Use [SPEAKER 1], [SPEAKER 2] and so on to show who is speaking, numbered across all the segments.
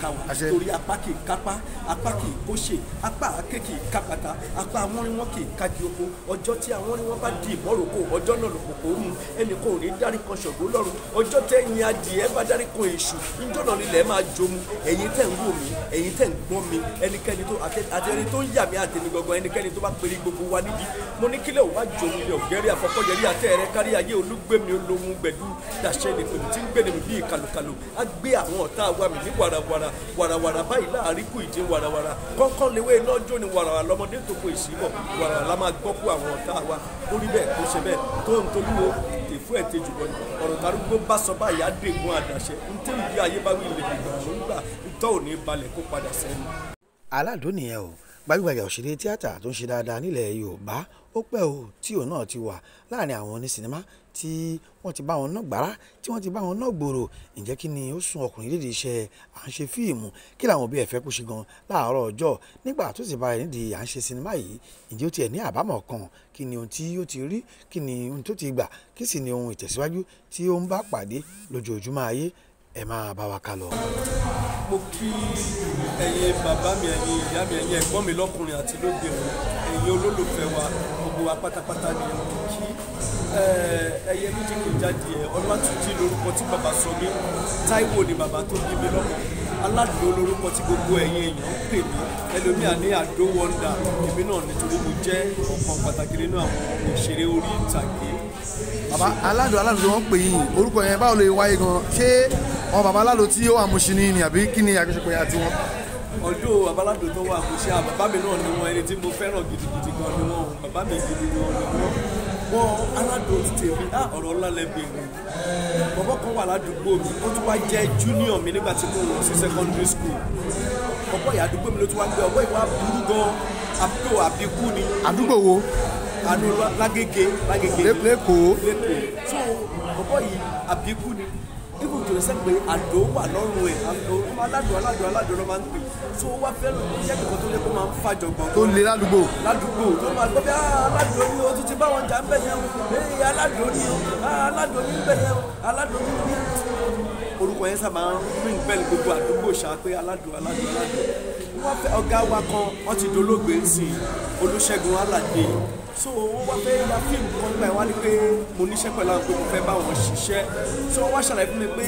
[SPEAKER 1] ká wọn torí apá kì í kápá apá kì í kóṣe apá kéèkì kápátá apá àwọn kájí oko ọjọ́ tí àwọn bá di ìmọ̀ròkó ọjọ́ náà lòpò kò mú ẹnì kan ò ní dárí kan lọ́rùn ọjọ́ tẹ́yìn adìẹ bá dárí èṣù níjọ́ náà nílẹ̀ máa jomu ẹ̀yin tẹ̀ ń wò mí ẹ̀yin tẹ̀ ń gbọ́n mi ẹnikẹ́ni tó àtẹni tó ń yà mí àtẹni gangan ẹnikẹ́ni tó bá pèrè gbogbo wa níbi mo ní kílẹ̀ òwá jomu ilẹ̀ ògẹ́rì àfọkọ́jẹrí àtẹ̀rẹ́ kárí ayé olúgbẹ̀mí olóhun gbẹ̀dú dàṣẹ́ nìkan tí ń gbẹ̀dẹ̀ mi bíi kàlùkàlù á gbé àwọn ọ̀tá wa mi ní wàràwàrà wàràwàrà báyìí láàrin kù ìdí wàràwàrà kọ́kọ́ lewé iná jó ni wàràwà lọ́mọdé tó kó ìsíbọ̀ wàràwà la máa gbọ́ kú àwọn ọ̀tá wa ó rí bẹ́ẹ̀ tó ṣe bẹ́ẹ̀ tó ń tolúwo fún ẹ̀ tejù bọ̀ ni ọ̀rọ̀ tarúgbó bá sọ báyìí adégun àdàṣe ntẹ́ ìdí ayé bá wí lè gbà ló ń gbà ntọ́ ò ní balẹ̀ kó padà sẹ́nu.
[SPEAKER 2] aládùn nìyẹn o gbajúgbajà òṣèré tíátà tó ń ṣe dáadáa nílẹ̀ yorùbá ó pẹ́ o tí òun náà ti wà láàrin àwọn onísinimá tí wọ́n ti bá wọn náà gbàrà tí wọ́n ti bá wọn náà gbòòrò ǹjẹ́ kí ni ó sun ọkùnrin lédè iṣẹ́ à ń ṣe fíìmù kí làwọn òbí ẹ̀ fẹ́ kó ṣe gan láàárọ̀ ọjọ́ nígbà tó sì bá ẹ̀ nídìí à ń ṣe sinimá yìí ǹjẹ́ ó tiẹ̀ ní àbámọ̀ kan kí ni ohun tí ó ti rí kí ni ohun tó ti gbà kí sì ni ohun ìtẹ̀síwájú tí ó ń bá pàdé lójoojúmọ́ ayé ẹ máa bá wa ká lọ. mo
[SPEAKER 1] kí ẹ̀yin bàbá mi ẹ̀yin ìyá mi ẹ̀yin ẹ̀gbọ́n mi lọ́kùnrin àti lóbìnrin ẹ̀yin olólùfẹ́ wa gbogbo wa pátápátá ni mo kí Eh, ẹyẹ méjì kò jáde ẹ ọlọ́túnjì lórúkọ tí bàbá sọ mí táíwò ni bàbá tó bí mi lọ́mọ aládùn olórúkọ tí gbogbo ẹ̀yin èèyàn ń pè mí ẹlòmíà ní àdó wọ́ndà èmi náà nítorí mo jẹ́ ọ̀kan pàtàkì nínú àwọn òṣèré orí ìtàgé.
[SPEAKER 2] bàbá aládùn aládùn ló ń pè yín orúkọ yẹn báwo ló wáyé gan ṣé ọ bàbá aládùn tí ó wà mú sí ni àbí kí ni àgbéṣepọ̀ yẹn
[SPEAKER 1] ọdún abaládò tó wà kò ṣe àbàbá mi náà ni wọn ẹni tí mo fẹ́ràn gidigidi gan ni wọn bàbá mi gidi ni wọn ni wọn wọn aládò ti tèmi á ọ̀rọ̀ ńlá lẹ bèrè bàbá kan wà ládùúgbò mi ó tún wá jẹ́ junior mi nígbà tí mo wọ̀ sí secondary school ọ̀pọ̀ ìyá àdúgbò mi ló tún wá gbé ọ̀pọ̀ ìwà burú gan àbúrò àbíkú ni. àdúgbò wo. àánú lágége lágége. lẹ́kọ̀ọ́. lẹ́kọ̀ọ́ so ọ̀pọ̀ yìí àbíkú ni even to accept pé àdó wà lọ́rùn ẹ̀ aládùn aládùn aládùn ló máa ń pè so ó wá fẹ́ràn ní iṣẹ́ kìkan tó lé kó máa ń fàjọ gbọ̀ngàn. tó le ládùúgbò. ládùúgbò tó máa gbọ́ bí ah, aládùn ni o tún ti bá wọn jà ń bẹ̀ yẹn o aládùn ni o ah, aládùn ni ń bẹ̀ yẹn o aládùn ni ń bẹ̀ yẹn o orúkọ yẹn sábà ń rìn pẹ̀lú gbogbo àdúgbò ṣá pé aládùn aládùn aládùn wọ́n fẹ́ ọ̀gá wa kan wọ́n ti dolóògbé nsìn Olúṣẹ́gun Aládé so wọ́n wá fẹ́ ya fíìmù kan nígbà wá pé mo níṣẹ́ pẹ̀lú àwọn pé fẹ́ bá wọn ṣiṣẹ́ so wọ́n wá ṣàlàyé fún mi pé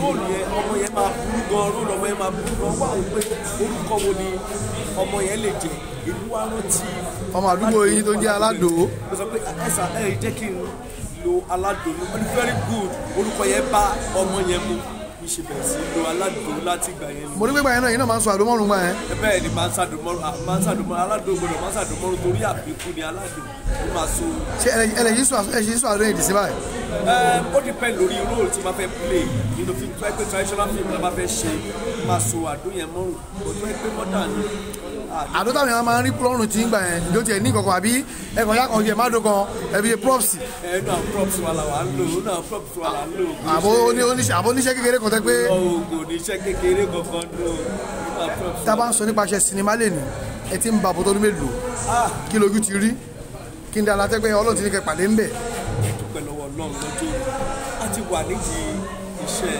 [SPEAKER 1] róòlù yẹn ọmọ yẹn máa burú gan róòlù ọmọ yẹn máa burú gan wá wò pé orúkọ wo ni ọmọ yẹn lè jẹ
[SPEAKER 2] ìlú wa rántí. ọmọ àdúgbò yìí tó jẹ́ aládò.
[SPEAKER 1] mo sọ pé ẹ̀sà ẹ̀ jẹ́ kí n lo aládò ní very good orúkọ yẹn bá ọmọ yẹn mu mi ṣe bẹ̀rẹ̀ sí lo aládùn láti ìgbà yẹn.
[SPEAKER 2] mo rí pé báyẹn náà yẹn náà máa ń sọ àdúmọ̀rún gbà yẹn.
[SPEAKER 1] ẹ bẹ́ẹ̀ ni máa ń sàdúmọ̀rún máa ń sàdúmọ̀rún aládùn gbọdọ̀ máa ń sàdúmọ̀rún torí àbíkú ni aládùn ó máa so. ṣé
[SPEAKER 2] ẹlẹ́yìn sọ ẹ̀ṣin sọ àdúrà èdè sí báyìí.
[SPEAKER 1] ẹ ó depend lórí role tí máa fẹ́ play nínú film pé traditional film la máa fẹ́ ṣe máa so àdúyẹn mọ́rùn
[SPEAKER 2] àdó táwọn èèyàn máa ń rí lọ́rùn tí ń gbà yẹn ìjọ tiẹ̀ ní ìkọ̀kọ̀ àbí ẹ̀kọ́ yá kan yẹ má dó kan ẹ̀bí yẹ props. ẹ
[SPEAKER 1] náà props wà là wà ń lò ó náà props wà là ń lò. àbó oníṣẹ́ àbó oníṣẹ́ kékeré kan tẹ́ pé. oògùn oníṣẹ́ kékeré kankan ló
[SPEAKER 2] tá a bá ń sọ nípa iṣẹ́ sinimá lè ní ẹ ti ń ba bọ́tọ́ lómi lò ah! kí kí n dá alátẹ́gbẹ́ ọlọ́run ti ní kẹ́ pàdé ń bẹ̀. dúpẹ́ lọ́wọ́
[SPEAKER 1] ọlọ́run lọ́jọ́ a ti wà nídìí iṣẹ́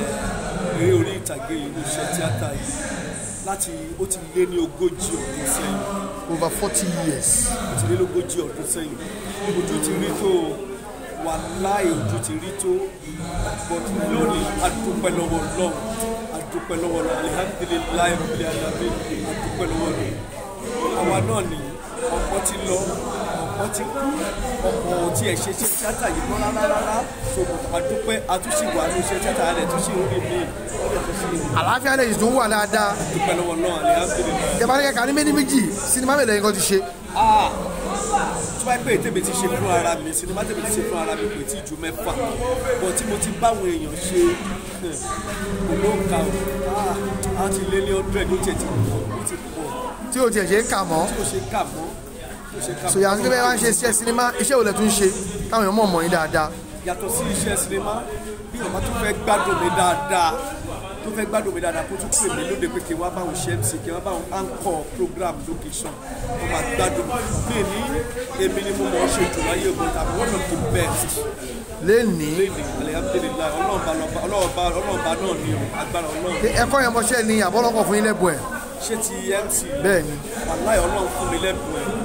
[SPEAKER 1] eré orí ìtàgé ìlú iṣẹ́ tíátà yìí láti ó ti lé ní ogójì ọdún sẹ́yìn.
[SPEAKER 2] over forty years.
[SPEAKER 1] ó ti lé ní ogójì ọdún sẹ́yìn ojú ti rí tó wà láì ojú ti rí tó but lónìí a dúpẹ́ lọ́wọ́ Ọlọ́run a dúpẹ́ lọ́wọ́ Ọlọ́run alihamdulilayi rabbil alamin a lọ́wọ́ àwa náà ni ọ̀pọ̀ ti lọ wọ́n ti kú ọ̀pọ̀ tí ẹ̀ ṣe ṣe tíátà yìí mọ́ rárá ṣòwò àdúpẹ́ àtúnṣe wà rẹ̀ tó ṣe orí mi. àlàáfíà
[SPEAKER 2] lè dùn wà dáadáa. dúpẹ́ lọ́wọ́ náà ni a ń bèrè náà. ìjọba kẹkẹ ní méjì méjì sinimá mélòó yẹn kan ti ṣe.
[SPEAKER 1] tí wàá pè é tèmi ti ṣe fún ara mi sinimá tèmi ti ṣe fún ara mi kò tí ì ju mẹ́fà bọ̀ tí mo ti báwọn èèyàn ṣe hmm, olóńkà ó tí
[SPEAKER 2] o tiẹ̀ ṣe ń kà mọ́
[SPEAKER 1] so yàtọ̀ sí pé wọ́n ṣe iṣẹ́
[SPEAKER 2] sinimá iṣẹ́ òlẹ̀ tún ṣe táwọn èèyàn mọ̀ mọ̀ yín dáadáa.
[SPEAKER 1] yàtọ̀ sí iṣẹ́ sinimá bí ọ̀ma tó fẹ́ gbádùn mi dáadáa tó fẹ́ gbádùn mi dáadáa kó tún pè mí lóde pé kí wọ́n bá òun ṣe mc kí wọ́n bá òun anchor program location wọ́n máa gbádùn mi ní èmi ni mo mọ̀ ọ́ ṣe jù láyé ògbó tàbí one of the best. lẹ́ni ọlọ́ọ̀ba náà ni agbára ọlọ́ọ̀. ẹ̀kọ́ yẹn mọṣẹ́
[SPEAKER 2] ni àbọ̀lọ́kọ̀ fún yín lẹ́bùn ẹ̀.
[SPEAKER 1] ṣé ti mc. bẹ́ẹ̀ ni. wàláì ọlọ́run fún mi lẹ́bùn ẹ̀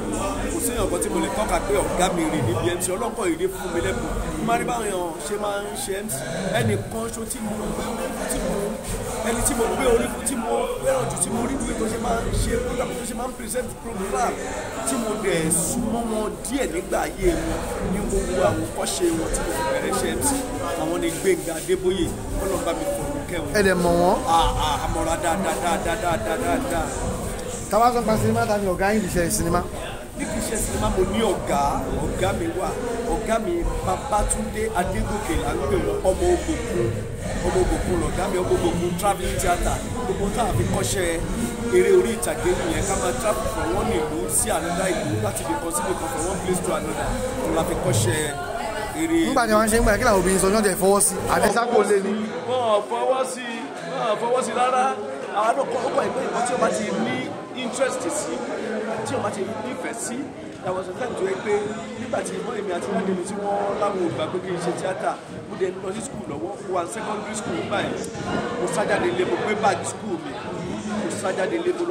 [SPEAKER 1] séèyàn kan tí mo lè tọ́ka pé ọ̀gá mi rè níbi MC ọlọ́kọ̀ ìrè fún mi lẹ́kùn mo máa rí báwọn èèyàn ṣe máa ń ṣe MC ẹnì kan ṣo tí mo gbé orí fún tí mo ẹni tí mo gbé orí fún tí mo fẹ́ràn jù tí mo rí bí tó ṣe máa ń ṣe program tó ṣe máa ń present program tí mo dẹ̀ súnmọ́ wọn díẹ̀ nígbà ayé wọn ní gbogbo àwọn kọ́ṣe wọn tí mo bẹ̀rẹ̀ ṣe MC àwọn ni Gbénga Adébóyè ọlọ́ba mi kọ̀ lókè wọn.
[SPEAKER 2] ẹ dẹ̀ mọ̀ wọ́n.
[SPEAKER 1] àmọ̀ra dáadáa dáadáa dáadáa dáadáa.
[SPEAKER 2] táwa sọ pa sinimá tàbí ọ̀gá yín kì í ṣe sinimá
[SPEAKER 1] iléeṣẹ́ sinimá mo ní ọ̀gá ọ̀gá mi wà ọ̀gá mi Babátúndé Adégòkè là ń pè wọ́n ọmọ Ògòkun ọmọ Ògòkun lọ̀gá mi ọmọ Ògòkun travelling theatre gbogbo tá a fi kọ́ṣẹ́ eré orí ìtàgé nìyẹn ká máa travel from one ìlú sí another ìlú láti fi kan síbi kan from one place to another tó la fi kọ́ṣẹ́ eré. nígbà tí wọ́n ṣe ń gbà kí
[SPEAKER 2] làwọn obìnrin sọ ní ọ̀jẹ̀ fọwọ́ sí àdésákò lé ní.
[SPEAKER 1] wọ́n fọwọ́ sí wọ́n fọwọ́ sí rárá àwọn àdókò ó kọ ìpín ìkan tí interest sí tí wọ́n bá ti nífẹ̀ẹ́ sí yàtọ̀ sọ́tà tó yẹ pé nígbà tí ìmọ̀ èmi àti ìwádìí mi tí wọ́n láwọn ògbà pé kí n ṣe tíátà mo dẹ̀ lọ sí skul lọ́wọ́ mo secondary school nígbà yẹn mo sájáde lé mo gbé báàgì school, mi mo sájáde lé mo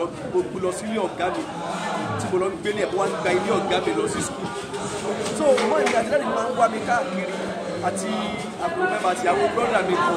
[SPEAKER 1] lọ sí ilé ọ̀gá mi tí mo lọ ń gbélé ẹ̀ mo wá ń gba ilé ọ̀gá mi lọ sí skul so ìmọ̀ èmi àti ìwádìí mi máa ń wá mi káàkiri àti àbúrò mẹ́fà àti àwọn brọ́dà mi kan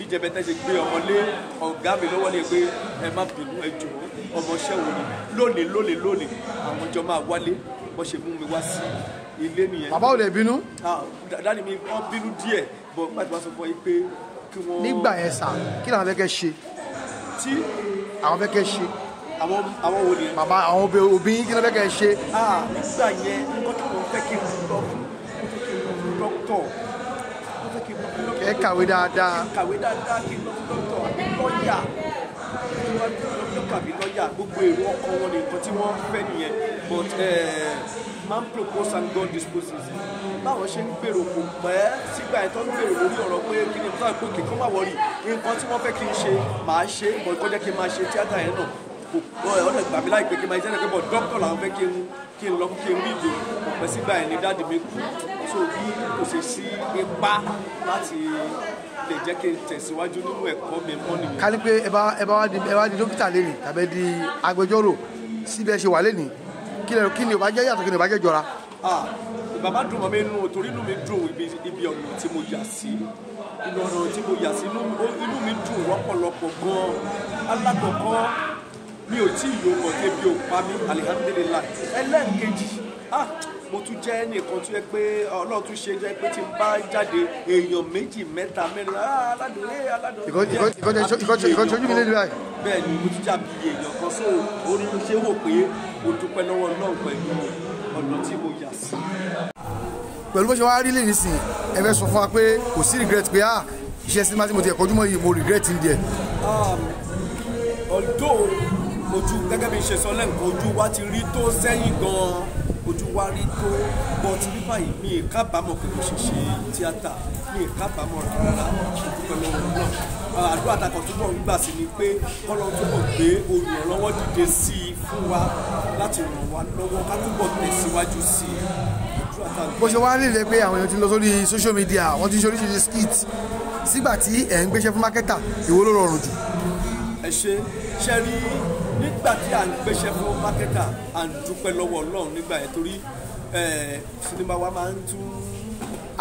[SPEAKER 1] bí jẹbẹtẹ ṣe gbé ọmọ lé ọgá mi lọ́wọ́ lé pé ẹ má bínú ẹ jọ ọmọọṣẹ́ wo ni lónìí lónìí lónìí àwọn jọ máa wálé bó ṣe mú mi wá sí ilé nìyẹn. bàbá ò lè bínú. Ah, dáàdi mi wọ́n bínú díẹ̀ bọ̀ pàtó wàá sọ fún yín pé kí wọ́n. nígbà yẹn sà
[SPEAKER 2] kí làwọn fẹ́ kẹ́ ṣe. tí. àwọn fẹ́ kẹ́ ṣe àwọn àwọn wo ni. bàbá àwọn òbí kí ló fẹ́ kẹ́ ṣe. Ah, nígbà
[SPEAKER 1] yẹn nǹkan tó kàn fẹ́ kí n
[SPEAKER 2] ẹ kàwé dáadáa.
[SPEAKER 1] kàwé dáadáa kí n lọ fún dókítà àbí lọ́ọ̀yà kí wọ́n lọ kàbí lọ́ọ̀yà gbogbo èrò ọkọ wọn ni nǹkan tí wọ́n fẹ́ nìyẹn but eh, man propose and God disposes báwọn ṣe ń gbèrò kò pẹ́ sígbà yẹn tó ń gbèrò lórí ọ̀rọ̀ pé kí ni fúlàní gòkè kó má wọrí nǹkan tí wọ́n fẹ́ kí n ṣe màá ṣe bọ̀ kọjá kí n máa ṣe tíátà yẹn náà kò ọ̀rẹ́ gbàmíláì pé kí n máa ṣe tíátà yẹn pé bọ̀ dókítà làwọn fẹ́ kí n lọ kí n rí ìdè pẹ́ sígbà yẹn ni dáàdì mi kú so bí kò ṣe sí ipá láti lè jẹ́ kí n tẹ̀síwájú nínú ẹ̀kọ́ mi mọ́ nìyẹn. ká ní pé
[SPEAKER 2] ẹ bá ẹ bá wá di ẹ wá di dókítà lẹ́nìí tàbí di agbẹjọ́rò síbi ẹ ṣe wà lẹ́nìí kí lẹ́nu kí ni ò bá jẹ́ yàtọ̀ kí ni ò bá jẹ́ jọra.
[SPEAKER 1] bàbá dùn mọ́ mi nù torí inú mi dùn ibi ọ̀nà tí mo yà sí inú ọ̀nà tí mo yà sí inú mi dùn lọ́pọ̀lọpọ̀ gan-an alákọ̀ọ́kọ́ mi ò tí ì yọ ọkọ̀ débi òpá mi alihamdulilayi ẹlẹ́ẹ̀kejì ah mo tún jẹ́ nìkan tó yẹ pé ọlọ́run tún ṣe jẹ́ pé tí n bá jáde èèyàn méjì mẹ́ta mẹ́rin ah, aládùn
[SPEAKER 2] ẹ̀ aládùn ẹ̀. ìkọ́ ṣojú mi lédi báyìí.
[SPEAKER 1] bẹ́ẹ̀ mo tún jà èèyàn kan so orí ṣé wò pé mo dúpẹ́ lọ́wọ́ náà pẹ̀lú ọ̀nà tí mo yà sí.
[SPEAKER 2] pẹ̀lú bó ṣe wá rí lè nísìn ẹ fẹ́ sọ fún wa pé kò sí regret pé ah iṣẹ́ sinimá tí mo ti ẹ̀kọ́ ojúmọ́ yìí mo regret ń díẹ̀.
[SPEAKER 1] Um, although ojú gẹ́gẹ́ bí ṣe sọ lẹ́ǹkan ojú wa ti rí tó sẹ́yìn gan-an fojú wa rí tó bọ́ ti bí báyìí mi ì kábàámọ̀ pé mo ṣe ṣe tíátà mi ì kábàámọ̀ rárá ìdúpẹ́ lọ́wọ́ náà àdúrà takọ̀ túbọ̀ ń gbà sí ni pé kọ́lọ́ túbọ̀ gbé olùrànlọ́wọ́ dìde sí i fún wa láti ràn wá lọ́wọ́ ká túbọ̀ tẹ̀síwájú sí i
[SPEAKER 2] bó ṣe wá nílé pé àwọn èèyàn ti lọ sórí social media wọ́n ti ń ṣe oríṣiríṣi skit sígbà tí ẹ̀ ń gbéṣẹ́ fún mákẹ́tà ìwo ló rọrùn jù.
[SPEAKER 1] ẹ ṣe ṣe rí nígbà tí à ń gbéṣẹ́ fún mákẹ́tà à ń dúpẹ́ lọ́wọ́ ọlọ́run nígbà yẹn torí sinimá wa máa ń tún.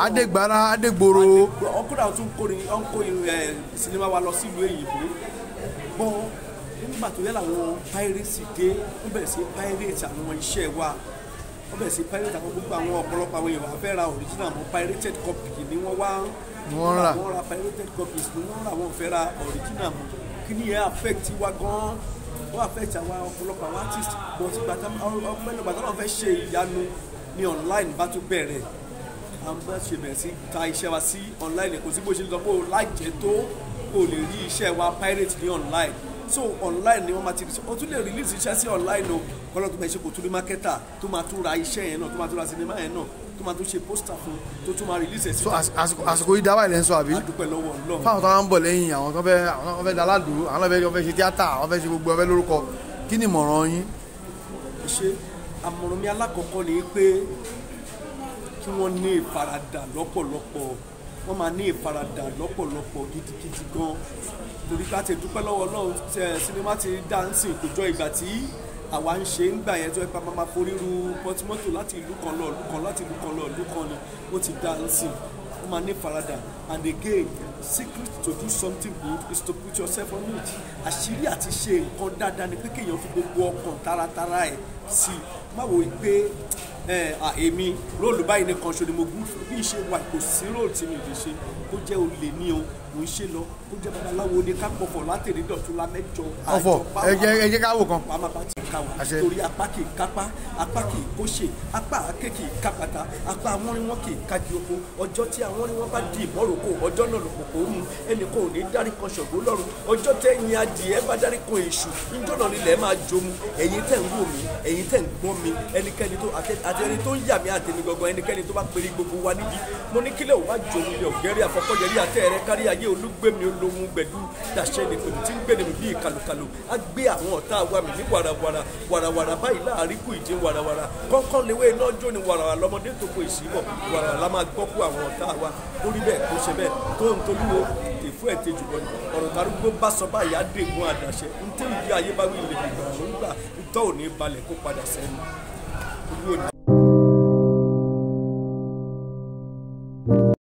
[SPEAKER 2] adégbára adégboro.
[SPEAKER 1] ọkùnrin àwọn tún kó ni ọ̀n kó sinimá wa lọ sílùú èyìnbó gbọ́n nígbà tó yẹ làwọn piracy dé wọ́n bẹ̀rẹ̀ sí pirate àwọn iṣẹ́ wa wọ́n bẹ̀rẹ̀ sí pirate àwọn gbogbo àwọn ọ̀pọ̀lọpọ̀ àwọn èèyàn wá fẹ́ ra original mọ́ pirated copy ni wọ́n wá wọ́n rà wọ́n ra pirated copies ni wọ́n rà wọ́n fẹ́ ra original mọ́ kí ni yẹn affect wa gan-an ó affect àwọn ọ̀pọ̀lọpọ̀ àwọn artist but gbàtà ọpẹlẹ gbàtà náà fẹ́ ṣe ìyanu ní online bá tún bẹ̀rẹ̀ à ń bá ṣe bẹ̀rẹ̀ sí ta iṣẹ́ wa sí online kò sí bó ṣe lọ bó láìjẹ́ tó kò lè rí iṣẹ́ wa pirate ní online so online ni wọ́n máa ti rí o tún lè release iṣẹ́ sí online o kọ́lọ́ tó máa ṣe kò tún rí marketer tó máa tún ra iṣẹ́ yẹn náà tó máa tún ra sinimá yẹn náà tó máa tún ṣe poster fún tó tún máa release ẹ̀ sí. so àsìkò àsìkò yìí
[SPEAKER 2] dáwà ilẹ̀ ń sọ àbí. adúpẹ́ lọ́wọ́ Ọlọ́run. fáwọn tó máa ń bọ̀ lẹ́yìn àwọn tó fẹ́ àwọn tó fẹ́ daládùú àwọn tó fẹ́ ṣe tíátà àwọn fẹ́ ṣe gbogbo ọfẹ́ lórúkọ kí ni ìmọ̀ràn yín.
[SPEAKER 1] ṣe àmọ̀ràn mi alákọ̀ọ́kọ́ ni pé kí wọ́n ní ìfaradà lọ́pọ̀lọpọ̀ wọ́n máa ní ìfaradà lọ́pọ̀lọpọ̀ gidigidi gan torí ká ti dúpẹ́ lọ́wọ́ Ọlọ́run tẹ sinimá ti dáǹsì kò jọ ìgbà tí àwa ń ṣe ń gbà yẹn tó ẹgbà máa forí ru pọtimọ́tò láti ìlú kan lọ ìlú kan láti ìlú kan lọ ìlú kan ni ó ti dáǹsì ó máa ní ìfaradà and again secret to do something good is to put yourself on it àṣírí àti ṣe nǹkan dáadáa ni pé kéèyàn fi gbogbo ọkàn taratara ẹ̀ sí i má wo pé èmi róòlù báyìí ní kan ṣo ni mo gún bí ìṣe wà kò sí róòlù tí mi lè ṣe kó jẹ́ olè ní o mo ń ṣe lọ kó jẹ́ babaláwo ni ká pọ̀fọ̀ látẹ̀lé dọ̀tún la mẹ́jọ àjọ bá wà ẹ jẹ́ ká wò kan wà á máa bá ti ká wà torí apá kì í kápá apá kì í kóṣe apá kéèkì í kápátá apá àwọn ni wọ́n kì í kájí oko ọjọ́ tí àwọn ni wọ́n bá di ìmọ̀ròkó ọjọ́ náà lọ́pọ̀ kò mú ẹnì kan ò ní dárí kan ṣògbó lọ́rùn ọjọ́ tẹ́yìn adìẹ bá dárí kan èṣù níjọ́ náà nílẹ̀ máa jomu ẹ̀yin tẹ̀ ń wò mí ẹ̀yin ẹ̀yin tẹ̀ ń gbọ́ mi ẹnikẹ́ni tó àti ẹni tó ń yà mí àtẹ̀mí gangan ẹnikẹ́ni tó bá péré gbogbo wa níbí mo ní kílẹ̀ wá jọ mi ọ̀gẹ́rẹ́ àfọkọ́yẹrí àtẹ̀ rẹ kárí ayé olúgbẹ̀mí olóhun gbẹ̀dú dàṣẹ nìpẹ̀ tí ń gbẹ̀dẹ̀ mi bíi kàlùkàlù á gbé àwọn ọ̀tá wa mi ní warawara warawara báyìí láàrínkù ìdí warawara kọ́ńkọ́n lewé iná jó ni warawara lọ́mọdé tó kó ìsìnbọ̀ warawara la máa gbọ́ kú àwọn ọ̀tá wa ó rí bẹ́ẹ̀ kó ṣe bẹ́ẹ̀ tó ń tolúwo fún ẹ̀tẹ̀jù wọn ọ̀rọ̀ tarúgbó bá sọ báyìí á dègún àdàṣẹ ntẹ́ ìdí ayé bá wí lè dìgbà òun ò ní balẹ̀ kó padà sẹ́nu.